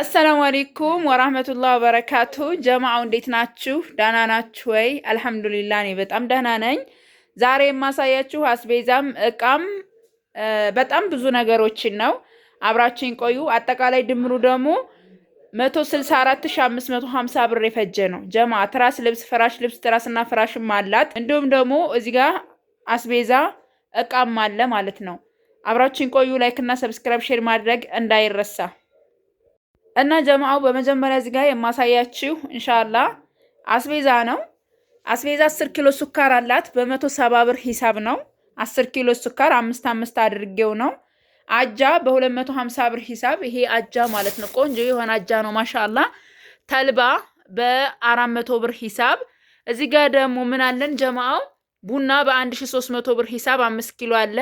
አሰላሙ አሌይኩም ወራህመቱላህ ወበረካቱ። ጀማዓው እንዴት ናችሁ? ደህና ናችሁ ወይ? አልሐምዱሊላ እኔ በጣም ደህና ነኝ። ዛሬ የማሳያችሁ አስቤዛም እቃም በጣም ብዙ ነገሮችን ነው። አብራችን ቆዩ። አጠቃላይ ድምሩ ደግሞ 164550 ብር የፈጀ ነው። ጀማ ትራስ ልብስ፣ ፍራሽ ልብስ፣ ትራስና ፍራሽም አላት። እንዲሁም ደግሞ እዚህ ጋር አስቤዛ እቃም አለ ማለት ነው። አብራችን ቆዩ። ላይክና ሰብስክራይብ ሼር ማድረግ እንዳይረሳ እና ጀማው በመጀመሪያ እዚህ ጋር የማሳያችሁ እንሻላ አስቤዛ ነው። አስቤዛ 10 ኪሎ ሱካር አላት በመቶ ሰባ ብር ሂሳብ ነው። 10 ኪሎ ሱካር አምስት አምስት አድርጌው ነው። አጃ በ250 ብር ሂሳብ ይሄ አጃ ማለት ነው። ቆንጆ የሆነ አጃ ነው ማሻላ። ተልባ በ400 ብር ሂሳብ። እዚህ ጋር ደግሞ ምን አለን ጀማው ቡና በ1300 ብር ሒሳብ 5 ኪሎ አለ።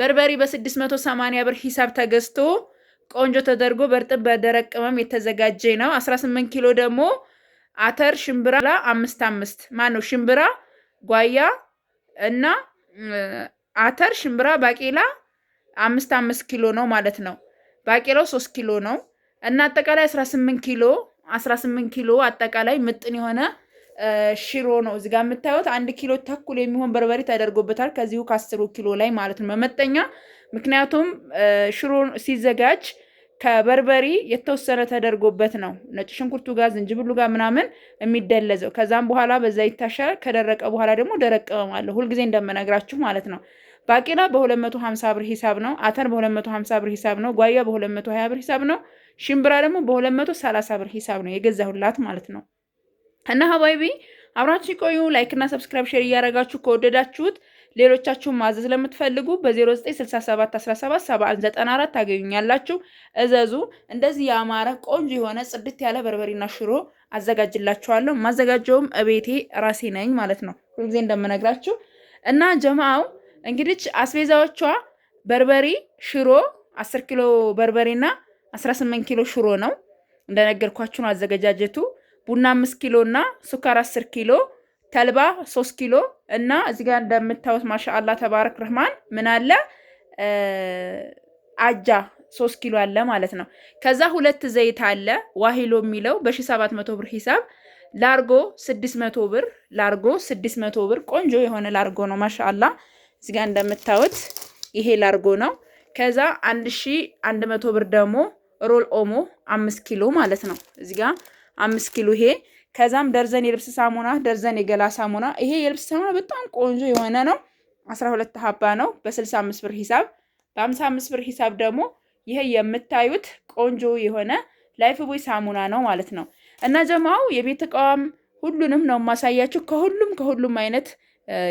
በርበሪ በ680 ብር ሂሳብ ተገዝቶ ቆንጆ ተደርጎ በእርጥብ በደረቅ ቅመም የተዘጋጀ ነው። 18 ኪሎ ደግሞ አተር፣ ሽምብራ አምስት አምስት ማን ነው ሽምብራ፣ ጓያ እና አተር፣ ሽምብራ፣ ባቄላ አምስት አምስት ኪሎ ነው ማለት ነው። ባቄላው 3 ኪሎ ነው እና አጠቃላይ 18 ኪሎ 18 ኪሎ አጠቃላይ ምጥን የሆነ ሽሮ ነው እዚጋ የምታዩት። አንድ ኪሎ ተኩል የሚሆን በርበሬ ተደርጎበታል ከዚሁ ከአስሩ ኪሎ ላይ ማለት ነው መመጠኛ። ምክንያቱም ሽሮ ሲዘጋጅ ከበርበሬ የተወሰነ ተደርጎበት ነው ነጭ ሽንኩርቱ ጋር ዝንጅብሉ ጋር ምናምን የሚደለዘው። ከዛም በኋላ በዛ ይታሻል። ከደረቀ በኋላ ደግሞ ደረቅ ቅመም ሁልጊዜ እንደምነግራችሁ ማለት ነው። ባቄላ በ250 ብር ሂሳብ ነው። አተር በ250 ብር ሂሳብ ነው። ጓያ በ220 ብር ሂሳብ ነው። ሽምብራ ደግሞ በ230 ብር ሂሳብ ነው የገዛሁላት ማለት ነው። እና ሀባይቢ አብራችሁ ቆዩ። ላይክ እና ሰብስክራይብ ሼር እያደረጋችሁ ከወደዳችሁት ሌሎቻችሁን ማዘዝ ለምትፈልጉ በ0967177994 ታገኙኛላችሁ። እዘዙ። እንደዚህ ያማረ ቆንጆ የሆነ ጽድት ያለ በርበሬና ሽሮ አዘጋጅላችኋለሁ። ማዘጋጀውም እቤቴ ራሴ ነኝ ማለት ነው፣ ሁልጊዜ እንደምነግራችሁ እና ጀማው እንግዲች አስቤዛዎቿ በርበሬ ሽሮ 10 ኪሎ በርበሬና 18 ኪሎ ሽሮ ነው። እንደነገርኳችሁ ነው አዘገጃጀቱ። ቡና አምስት ኪሎ እና ሱካር አስር ኪሎ ተልባ ሶስት ኪሎ እና እዚህ ጋር እንደምታዩት ማሻአላ ተባረክ ረህማን ምን አለ አጃ ሶስት ኪሎ አለ ማለት ነው። ከዛ ሁለት ዘይት አለ ዋሂሎ የሚለው በሺ ሰባት መቶ ብር ሂሳብ ላርጎ ስድስት መቶ ብር ላርጎ ስድስት መቶ ብር ቆንጆ የሆነ ላርጎ ነው ማሻአላ። እዚህ ጋር እንደምታዩት ይሄ ላርጎ ነው። ከዛ አንድ ሺ አንድ መቶ ብር ደግሞ ሮል ኦሞ አምስት ኪሎ ማለት ነው እዚህ ጋር አምስት ኪሎ ይሄ ከዛም ደርዘን የልብስ ሳሙና ደርዘን የገላ ሳሙና ይሄ የልብስ ሳሙና በጣም ቆንጆ የሆነ ነው። 12 ሀባ ነው በ65 ብር ሂሳብ። በ55 ብር ሂሳብ ደግሞ ይሄ የምታዩት ቆንጆ የሆነ ላይፍ ቦይ ሳሙና ነው ማለት ነው። እና ጀማው የቤት እቃዋም ሁሉንም ነው የማሳያችሁ። ከሁሉም ከሁሉም አይነት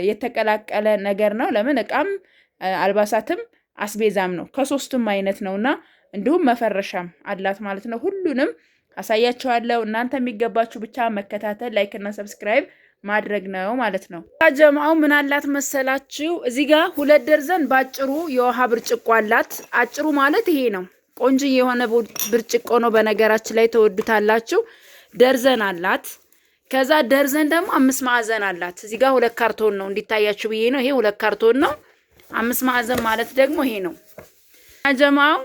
የተቀላቀለ ነገር ነው። ለምን እቃም አልባሳትም አስቤዛም ነው ከሶስቱም አይነት ነውና እንዲሁም መፈረሻም አላት ማለት ነው ሁሉንም አሳያችኋለሁ። እናንተ የሚገባችሁ ብቻ መከታተል፣ ላይክና ሰብስክራይብ ማድረግ ነው ማለት ነው። ጀማው ምናላት መሰላችሁ? እዚህ ጋር ሁለት ደርዘን በአጭሩ የውሃ ብርጭቆ አላት። አጭሩ ማለት ይሄ ነው። ቆንጆ የሆነ ብርጭቆ ነው። በነገራችን ላይ ተወዱታላችሁ። ደርዘን አላት። ከዛ ደርዘን ደግሞ አምስት ማዕዘን አላት። እዚህ ጋር ሁለት ካርቶን ነው እንዲታያችሁ ብዬ ነው። ይሄ ሁለት ካርቶን ነው። አምስት ማዕዘን ማለት ደግሞ ይሄ ነው። ጀማው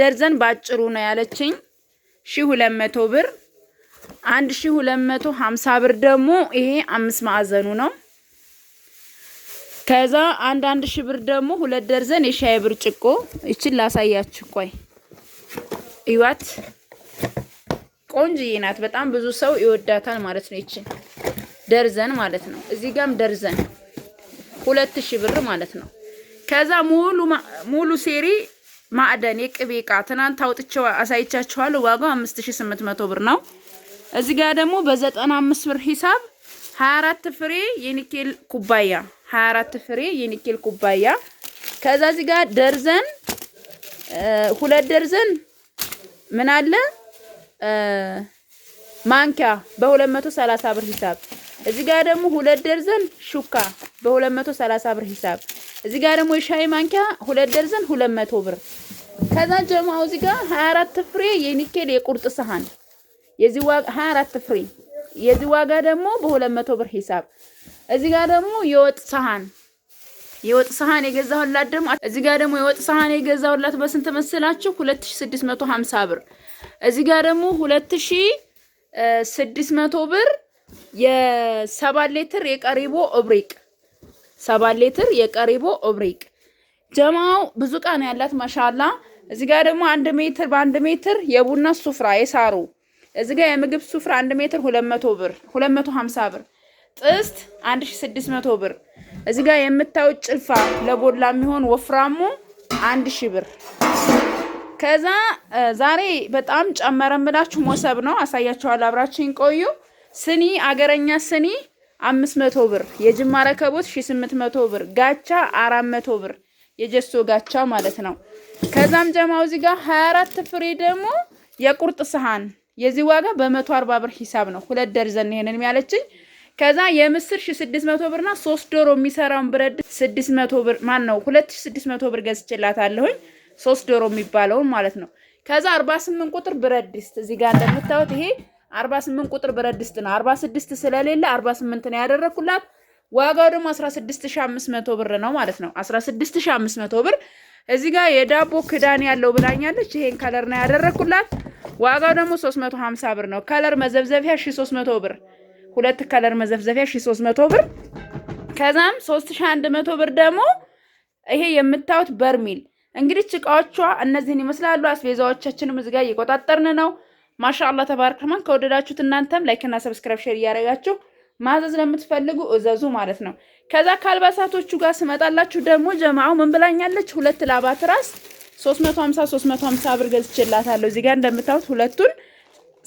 ደርዘን በአጭሩ ነው ያለችኝ። 1200 ብር 1250 ብር ደግሞ ይሄ አምስት ማዕዘኑ ነው። ከዛ አንድ አንድ ሺህ ብር ደግሞ ሁለት ደርዘን የሻይ ብርጭቆ ይችን ላሳያችሁ። ቆይ እዩዋት፣ ቆንጅዬ ናት። በጣም ብዙ ሰው ይወዳታል ማለት ነው። ይችን ደርዘን ማለት ነው። እዚህ ጋም ደርዘን ሁለት ሺ ብር ማለት ነው። ከዛ ሙሉ ሙሉ ሴሪ ማዕደን የቅቤ እቃ ትናንት አውጥቼው አሳይቻችኋለሁ። ዋጋው 5800 ብር ነው። እዚህ ጋር ደግሞ በ95 ብር ሂሳብ 24 ፍሬ የኒኬል ኩባያ 24 ፍሬ የኒኬል ኩባያ። ከዛ እዚህ ጋር ደርዘን ሁለት ደርዘን ምን አለ ማንኪያ በ230 ብር ሂሳብ። እዚህ ጋር ደግሞ ሁለት ደርዘን ሹካ በ230 ብር ሂሳብ። እዚህ ጋር ደግሞ የሻይ ማንኪያ ሁለት ደርዘን 200 ብር ከዛ ጀማው እዚህ ጋር 24 ፍሬ የኒኬል የቁርጥ ሰሃን የዚህ ዋጋ 24 ፍሬ የዚህ ዋጋ ደግሞ በ200 ብር ሂሳብ። እዚህ ጋር ደግሞ የወጥ ሰሃን የወጥ ሰሃን የገዛሁላት ደግሞ እዚህ ጋር ደግሞ የወጥ ሰሃን የገዛሁላት በስንት መስላችሁ? 2650 ብር። እዚህ ጋር ደግሞ 2600 ብር የ7 ሊትር የቀሪቦ ኦብሪቅ 7 ሊትር የቀሪቦ ኦብሪቅ ጀማው ብዙ ቀን ያላት ማሻላ። እዚህ ጋር ደግሞ አንድ ሜትር በአንድ ሜትር የቡና ሱፍራ የሳሩ እዚህ ጋር የምግብ ሱፍራ አንድ ሜትር 200 ብር ሀምሳ ብር፣ ጥስት ሺ መቶ ብር። እዚህ ጋር የምታዩት ጭልፋ ለቦላ የሚሆን ወፍራሙ 1ሺ ብር። ከዛ ዛሬ በጣም ጨመረ ምላችሁ ሞሰብ ነው አሳያችኋል። አብራችን ቆዩ። ስኒ አገረኛ ስኒ መቶ ብር፣ የጅማ ረከቦት ሺ መቶ ብር፣ ጋቻ መቶ ብር የጀሶ ጋቻ ማለት ነው። ከዛም ጀማው እዚህ ጋር 24 ፍሬ ደግሞ የቁርጥ ሰሃን የዚህ ዋጋ በ140 ብር ሂሳብ ነው። ሁለት ደርዘን ይሄንን ያለችኝ። ከዛ የምስር 1600 ብርና 3 ዶሮ የሚሰራውን ብረት 600 ብር ማን ነው 2600 ብር ገዝቼላታለሁኝ። 3 ዶሮ የሚባለውን ማለት ነው። ከዛ 48 ቁጥር ብረት ድስት እዚህ ጋር እንደምታዩት ይሄ 48 ቁጥር ብረት ድስት ነው። 46 ስለሌለ 48 ነው ያደረኩላት። ዋጋው ደግሞ 16500 ብር ነው ማለት ነው። 16500 ብር እዚህ ጋር የዳቦ ክዳን ያለው ብላኛለች። ይሄን ከለር ነው ያደረኩላት። ዋጋው ደግሞ 350 ብር ነው። ከለር መዘብዘፊያ 1300 ብር፣ ሁለት ከለር መዘብዘፊያ 1300 ብር። ከዛም 3100 ብር ደግሞ ይሄ የምታዩት በርሚል። እንግዲህ እቃዎቿ እነዚህን ይመስላሉ። አስቤዛዎቻችንም እዚህ ጋር እየቆጣጠርን ነው። ማሻአላ ተባረክ። ከወደዳችሁት እናንተም ላይክ እና ሰብስክራይብ ሼር እያደረጋችሁ ማዘዝ ለምትፈልጉ እዘዙ ማለት ነው። ከዛ ከአልባሳቶቹ ጋር ስመጣላችሁ ደግሞ ጀማው ምን ብላኛለች? ሁለት ላባ ትራስ 350 350 ብር ገዝቼላታለሁ። እዚህ ጋር እንደምታዩት ሁለቱን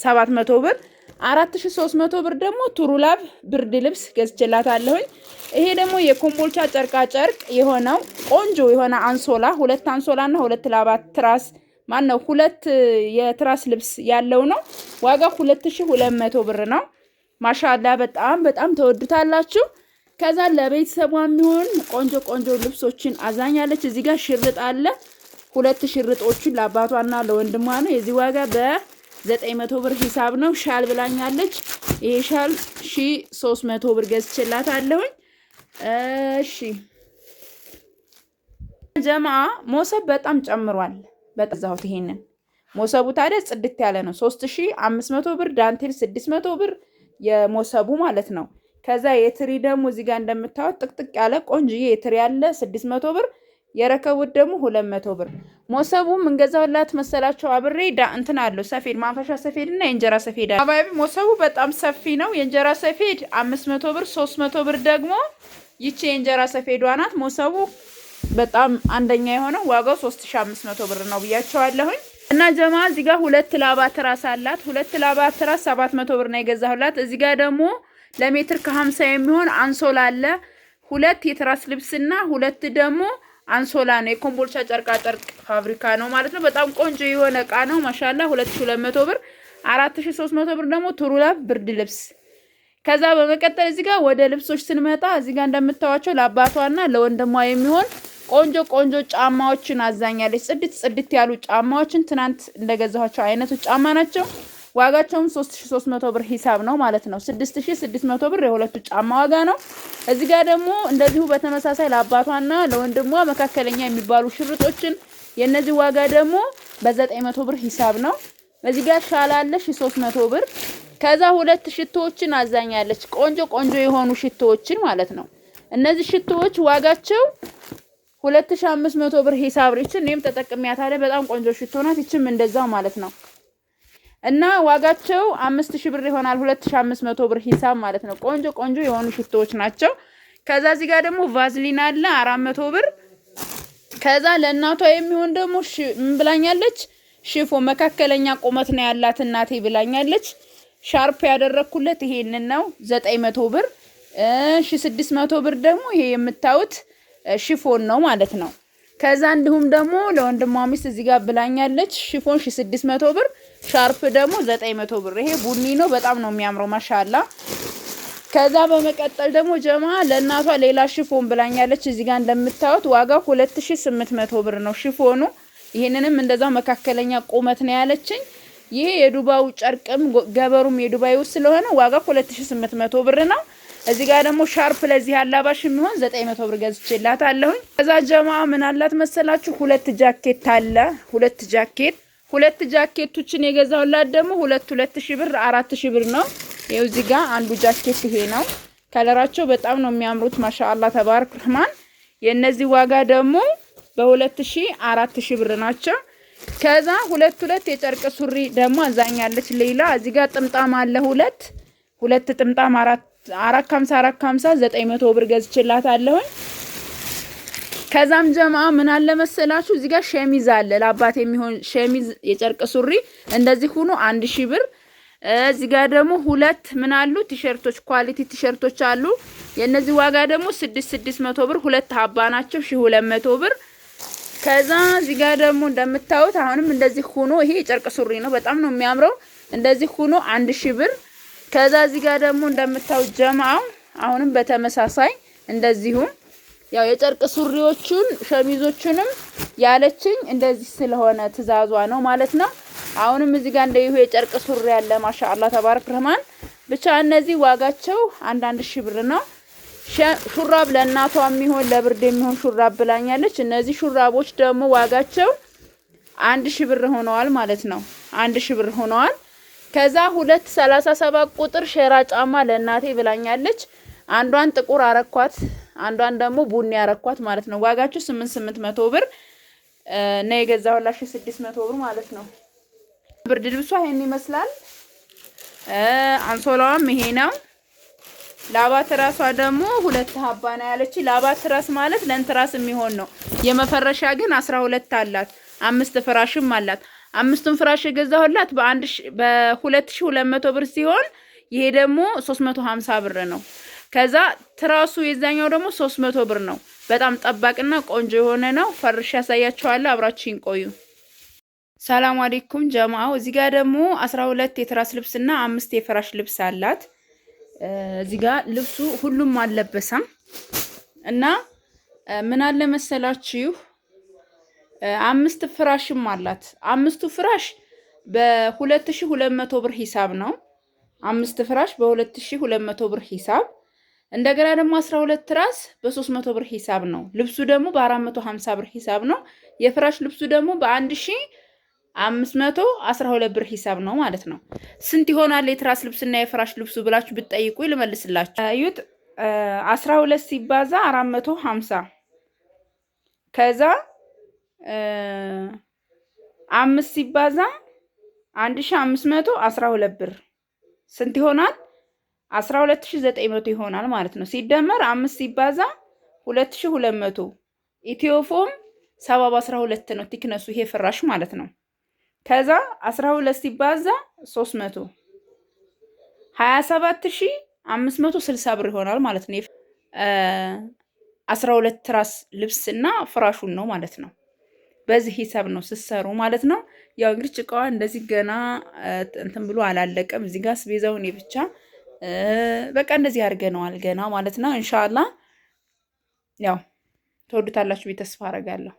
700 ብር 4300 ብር ደግሞ ቱሩላብ ብርድ ልብስ ገዝቼላታለሁኝ። ይሄ ደግሞ የኮምቦልቻ ጨርቃ ጨርቅ የሆነው ቆንጆ የሆነ አንሶላ ሁለት አንሶላና ሁለት ላባ ትራስ ማን ነው ሁለት የትራስ ልብስ ያለው ነው። ዋጋ 2200 ብር ነው። ማሻላ በጣም በጣም ተወድታላችሁ ከዛ ለቤተሰቧ የሚሆን ቆንጆ ቆንጆ ልብሶችን አዛኛለች። እዚህ ጋር ሽርጥ አለ። ሁለት ሽርጦችን ለአባቷና ለወንድሟ ነው። የዚህ ዋጋ በ900 ብር ሂሳብ ነው። ሻል ብላኛለች። ይሄ ሻል 1300 ብር ገዝቼላታለሁኝ። እሺ ጀማ ሞሰብ በጣም ጨምሯል። በጣም ዛሁት ይሄንን ሞሰቡ ታዲያ ጽድት ያለ ነው። 3500 ብር ዳንቴል 600 ብር የሞሰቡ ማለት ነው። ከዛ የትሪ ደግሞ እዚህ ጋር እንደምታዩት ጥቅጥቅ ያለ ቆንጅዬ የትሪ ያለ ስድስት መቶ ብር የረከቡት ደግሞ 200 ብር። ሞሰቡም እንገዛውላት መሰላቸው አብሬ ዳ እንትን አለው ሰፌድ ማንፈሻ ሰፌድ እና የእንጀራ ሰፌድ አለ። አባቢ ሞሰቡ በጣም ሰፊ ነው። የእንጀራ ሰፌድ 500 መቶ ብር፣ ሶስት መቶ ብር ደግሞ ይቺ የእንጀራ ሰፌዷ ናት። ሞሰቡ በጣም አንደኛ የሆነው ዋጋው 3500 መቶ ብር ነው ብያቸዋለሁኝ። እና ጀማ እዚህ ጋር ሁለት ላባ ትራስ አላት። ሁለት ላባ ትራስ 700 ብር ነው የገዛሁላት። እዚህ ጋር ደግሞ ለሜትር ከ50 የሚሆን አንሶላ አለ። ሁለት የትራስ ልብስና ሁለት ደግሞ አንሶላ ነው። የኮምቦልቻ ጨርቃ ጨርቅ ፋብሪካ ነው ማለት ነው። በጣም ቆንጆ የሆነ እቃ ነው። ማሻላ 2200 ብር። 4300 ብር ደግሞ ቱሩላፍ ብርድ ልብስ። ከዛ በመቀጠል እዚህ ጋር ወደ ልብሶች ስንመጣ እዚህ ጋር እንደምታዋቸው ለአባቷና ለወንድሟ የሚሆን ቆንጆ ቆንጆ ጫማዎችን አዛኛለች። ጽድት ጽድት ያሉ ጫማዎችን ትናንት እንደገዛኋቸው አይነቶች ጫማ ናቸው። ዋጋቸውም 3300 ብር ሂሳብ ነው ማለት ነው። 6600 ብር የሁለቱ ጫማ ዋጋ ነው። እዚህ ጋር ደግሞ እንደዚሁ በተመሳሳይ ለአባቷና ለወንድሟ መካከለኛ የሚባሉ ሽርጦችን የነዚህ ዋጋ ደግሞ በ900 ብር ሂሳብ ነው። እዚህ ጋር ሻል አለ 300 ብር። ከዛ ሁለት ሽቶዎችን አዛኛለች። ቆንጆ ቆንጆ የሆኑ ሽቶዎችን ማለት ነው። እነዚህ ሽቶዎች ዋጋቸው ሁለት ሺህ አምስት መቶ ብር ሂሳብ ነው። ይችን እኔም ተጠቅሜያታለሁ። በጣም ቆንጆ ሽቶ ናት። ይችም እንደዛው ማለት ነው እና ዋጋቸው አምስት ብር ይሆናል። ሁለት ሺህ አምስት መቶ ብር ሂሳብ ማለት ነው። ቆንጆ ቆንጆ የሆኑ ሽቶዎች ናቸው። ከዛ እዚህ ጋር ደግሞ ቫዝሊን አለ አራት መቶ ብር። ከዛ ለእናቷ የሚሆን ደግሞ ምን ብላኛለች? ሽፎ መካከለኛ ቁመት ነው ያላት እናቴ ብላኛለች። ሻርፕ ያደረኩለት ይሄንን ነው ዘጠኝ መቶ ብር። ሺህ ስድስት መቶ ብር ደግሞ ይሄ የምታዩት ሽፎን ነው ማለት ነው። ከዛ እንዲሁም ደግሞ ለወንድሟ ሚስት እዚህ ጋር ብላኛለች። ሽፎን ሺ ስድስት መቶ ብር፣ ሻርፕ ደግሞ ዘጠኝ መቶ ብር። ይሄ ቡኒ ነው፣ በጣም ነው የሚያምረው ማሻላ። ከዛ በመቀጠል ደግሞ ጀማ ለእናቷ ሌላ ሽፎን ብላኛለች። እዚህ ጋር እንደምታዩት ዋጋ ሁለት ሺ ስምንት መቶ ብር ነው ሽፎኑ። ይህንንም እንደዛው መካከለኛ ቁመት ነው ያለችኝ። ይሄ የዱባው ጨርቅም ገበሩም የዱባዩ ስለሆነ ዋጋ 2800 ብር ነው። እዚህ ጋር ደግሞ ሻርፕ ለዚህ አላባሽ የሚሆን ዘጠኝ መቶ ብር አለሁኝ። ከዛ ጀማ ምን አላት መሰላችሁ? ሁለት ጃኬት አለ ሁለት ጃኬት ሁለት ጃኬቶችን የገዛውላት ደግሞ ሁለት ሁለት ሺ ብር አራት ሺ ብር ነው። ይኸው እዚህ ጋር አንዱ ጃኬት ይሄ ነው። ከለራቸው በጣም ነው የሚያምሩት። ማሻአላ ተባረክ ረህማን። የእነዚህ ዋጋ ደግሞ በሁለት ሺ አራት ሺ ብር ናቸው። ከዛ ሁለት ሁለት የጨርቅ ሱሪ ደግሞ አዛኛለች ሌላ እዚህ ጋር ጥምጣም አለ ሁለት ሁለት ጥምጣም አራት አራት ከሀምሳ አራት ከሀምሳ ዘጠኝ መቶ ብር ገዝችላት አለሁኝ። ከዛም ጀማ ምን አለ መሰላችሁ እዚህ ጋር ሸሚዝ አለ ለአባት የሚሆን ሸሚዝ የጨርቅ ሱሪ እንደዚህ ሁኖ አንድ ሺህ ብር እዚህ ጋር ደግሞ ሁለት ምን አሉ ቲሸርቶች ኳሊቲ ቲሸርቶች አሉ። የእነዚህ ዋጋ ደግሞ ስድስት ስድስት መቶ ብር ሁለት ሀባ ናቸው ሺህ ሁለት መቶ ብር። ከዛ እዚህ ጋር ደግሞ እንደምታዩት አሁንም እንደዚህ ሁኖ ይሄ የጨርቅ ሱሪ ነው። በጣም ነው የሚያምረው። እንደዚህ ሁኖ አንድ ሺህ ብር ከዛ እዚህ ጋር ደግሞ እንደምታው ጀማው አሁንም በተመሳሳይ እንደዚሁም ያው የጨርቅ ሱሪዎቹን ሸሚዞቹንም ያለችኝ እንደዚህ ስለሆነ ትዕዛዟ ነው ማለት ነው። አሁንም እዚህ ጋር እንደይሁ የጨርቅ ሱሪ ያለ ማሻአላ ተባረክ ረህማን። ብቻ እነዚህ ዋጋቸው አንዳንድ ሺህ ብር ነው። ሹራብ ለእናቷ የሚሆን ለብርድ የሚሆን ሹራብ ብላኛለች። እነዚህ ሹራቦች ደግሞ ዋጋቸው አንድ ሺህ ብር ሆነዋል ማለት ነው። አንድ ሺህ ብር ሆነዋል። ከዛ ሁለት ሰላሳ ሰባት ቁጥር ሸራ ጫማ ለእናቴ ብላኛለች። አንዷን ጥቁር አረኳት፣ አንዷን ደግሞ ቡኒ አረኳት ማለት ነው። ዋጋችሁ ስምንት ስምንት መቶ ብር እና የገዛሁላችሁ፣ ስድስት መቶ ብር ማለት ነው። ብርድ ልብሷ ይሄን ይመስላል። አንሶላዋም ይሄ ነው። ላባ ራሷ ደግሞ ሁለት ሀባ ነው ያለች። ላባ ትራስ ማለት ለእንትራስ የሚሆን ነው። የመፈረሻ ግን አስራ ሁለት አላት። አምስት ፍራሽም አላት። አምስቱን ፍራሽ የገዛሁላት በሁለት ሺ ሁለት መቶ ብር ሲሆን ይሄ ደግሞ ሶስት መቶ ሀምሳ ብር ነው። ከዛ ትራሱ የዛኛው ደግሞ ሶስት መቶ ብር ነው። በጣም ጠባቅና ቆንጆ የሆነ ነው። ፈርሽ ያሳያቸዋለሁ። አብራችሁኝ ቆዩ። ሰላም አሌይኩም ጀማው። እዚህ ጋር ደግሞ አስራ ሁለት የትራስ ልብስና አምስት የፍራሽ ልብስ አላት። እዚህ ጋር ልብሱ ሁሉም አልለበሰም እና ምን አለ መሰላችሁ አምስት ፍራሽም አላት። አምስቱ ፍራሽ በ2200 ብር ሂሳብ ነው። አምስት ፍራሽ በ2200 ብር ሂሳብ እንደገና ደግሞ 12 ትራስ በ300 ብር ሂሳብ ነው። ልብሱ ደግሞ በ450 ብር ሂሳብ ነው። የፍራሽ ልብሱ ደግሞ በ1512 ብር ሂሳብ ነው ማለት ነው። ስንት ይሆናል የትራስ ልብስና የፍራሽ ልብሱ ብላችሁ ብትጠይቁ ልመልስላችሁ። እዩት 12 ሲባዛ 450 ከዛ አምስት ሲባዛ አንድ ሺ አምስት መቶ አስራ ሁለት ብር ስንት ይሆናል? አስራ ሁለት ሺ ዘጠኝ መቶ ይሆናል ማለት ነው። ሲደመር አምስት ሲባዛ ሁለት ሺ ሁለት መቶ ኢትዮፎም ሰባ በአስራ ሁለት ነው ቲክነሱ ይሄ ፍራሽ ማለት ነው። ከዛ አስራ ሁለት ሲባዛ ሶስት መቶ ሀያ ሰባት ሺ አምስት መቶ ስልሳ ብር ይሆናል ማለት ነው። አስራ ሁለት ትራስ ልብስ እና ፍራሹን ነው ማለት ነው። በዚህ ሂሳብ ነው ስሰሩ ማለት ነው። ያው እንግዲህ ጭቃዋ እንደዚህ ገና እንትን ብሎ አላለቀም። እዚህ ጋር ስቤዛው እኔ ብቻ በቃ እንደዚህ አድርገነዋል ገና ማለት ነው። እንሻላ ያው ተወዱታላችሁ ቤተስፋ አረጋለሁ።